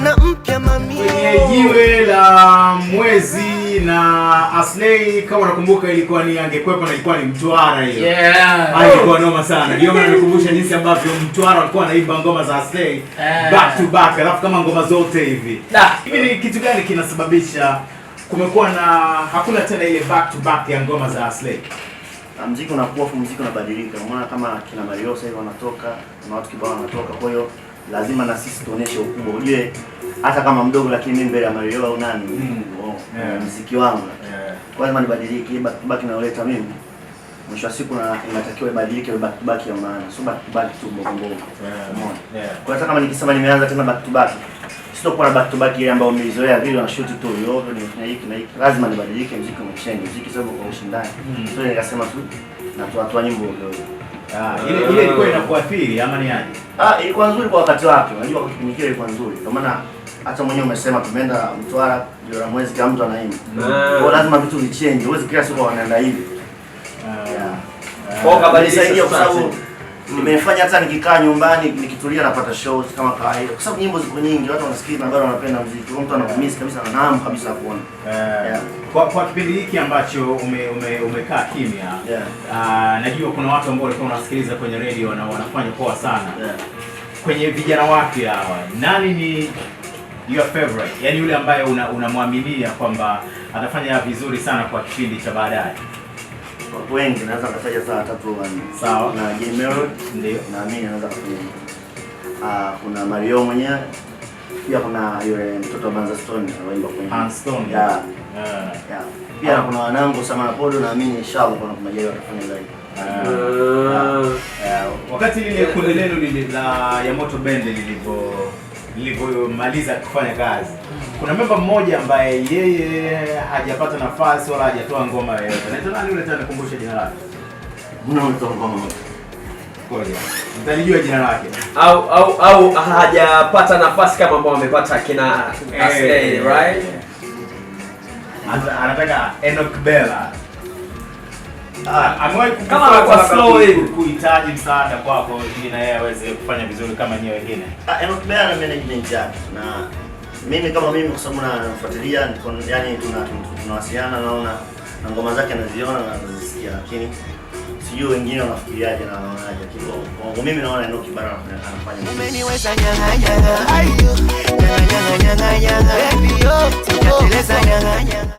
Mwana mpya mami Kwenye jiwe la mwezi na Aslay, kama nakumbuka, ilikuwa ni angekwepa na ilikuwa ni Mtwara hiyo. Yeah. Ah, ilikuwa noma sana. Ndio maana nikumbusha jinsi ambavyo Mtwara alikuwa anaimba ngoma za Aslay back to back, alafu kama ngoma zote hivi. Hivi ni kitu gani kinasababisha kumekuwa na hakuna tena ile back to back ya ngoma za Aslay? Muziki unakuwa, muziki unabadilika. Unaona kama kina Mario sasa hivi wanatoka na watu kibao wanatoka, kwa hiyo lazima na sisi tuoneshe ukubwa, ujue hata kama mdogo, lakini mimi mbele ya Mario au nani mziki mm. oh, wangu lazima nibadilike, back to back naoleta mimi mwisho wa siku na inatakiwa ibadilike back to back ya maana, sio back to back tu bongo bongo. Kwa hata kama nikisema nimeanza tena back to back, sitakuwa na back to back ile ambayo umeizoea vile na shoot tu yo ndio hiki na hiki, lazima nibadilike muziki, umecheni muziki sababu kwa ushindani, mm. sio nikasema tu na tuatoa nyimbo ndio Ah, ile ah. ilikuwa inakuathiri ama ni aje? Ah, ilikuwa nzuri kwa wakati wake. Unajua kwa kipindi kile ilikuwa nzuri. Kwa maana hata mwenyewe umesema tumeenda Mtwara jora mwezi kama mtu anaimba. Mm. Kwa lazima vitu vichange. Huwezi kila siku wanaenda hivi. Ah. Kwa kabla kabadilisha kwa sababu Nimefanya hata nikikaa nyumbani nikitulia napata shows kama kawaida, kwa sababu nyimbo ziko nyingi, watu wanasikiliza na bado wanapenda muziki. Mtu anakumiss kabisa, naam kabisa kuona yeah. yeah. Kwa kwa kipindi hiki ambacho ume, ume, umekaa kimya yeah. Uh, najua kuna watu ambao walikuwa wanasikiliza kwenye radio na wanafanya poa sana yeah. Kwenye vijana wapi hawa, nani ni your favorite, yaani yule ambaye unamwaminia una kwamba atafanya vizuri sana kwa kipindi cha baadaye? watu wengi naweza kataja saa tatu wanne. Sawa. Na Jay Melody ndio. Na mimi naweza kufanya. Ah, kuna Mario mwenyewe. Pia kuna yule mtoto wa Banza Stone anaimba kwenye. Banza ah, Stone. Yeah. Yeah. yeah. Pia ah. kuna wanangu Sama na Podo naamini inshallah kuna kumajali watafanya live. Uh, uh, uh, Wakati lile kundi lenu lile la ya Moto Bende lilipo nilivyomaliza kufanya kazi, kuna memba mmoja ambaye yeye hajapata nafasi wala hajatoa ngoma yoyote. Naitwa nani yule tena, nikumbushe jina lake. Mbona unatoa ngoma? Ngoja. Mtanijua jina lake. Au au au hajapata nafasi kama ambao amepata kina hey, eh, right? Eh. Anataka Enoch Bella. Ah, amewahi kama kwa slow hivi kuhitaji msaada kwako ili na yeye aweze kufanya vizuri kama nyewe wengine. Ah, Emokibea na management yake na mimi kama mimi kwa sababu nafuatilia, yani tunawasiliana, naona na ngoma zake anaziona na anazisikia, lakini sijui wengine wanafikiriaje na wanaonaje, lakini kwangu mimi naona Enock Bara anafanya umeniweza nyanga nyanga ayo nyanga nyanga nyanga baby yo tukateleza nyanga nyanga